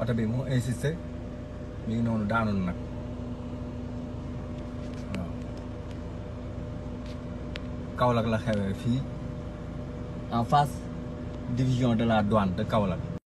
oto bi moo insisté mi ngi noonu daanoon nag waaw Kaolack la xewee fii en face division de la douane de Kaolack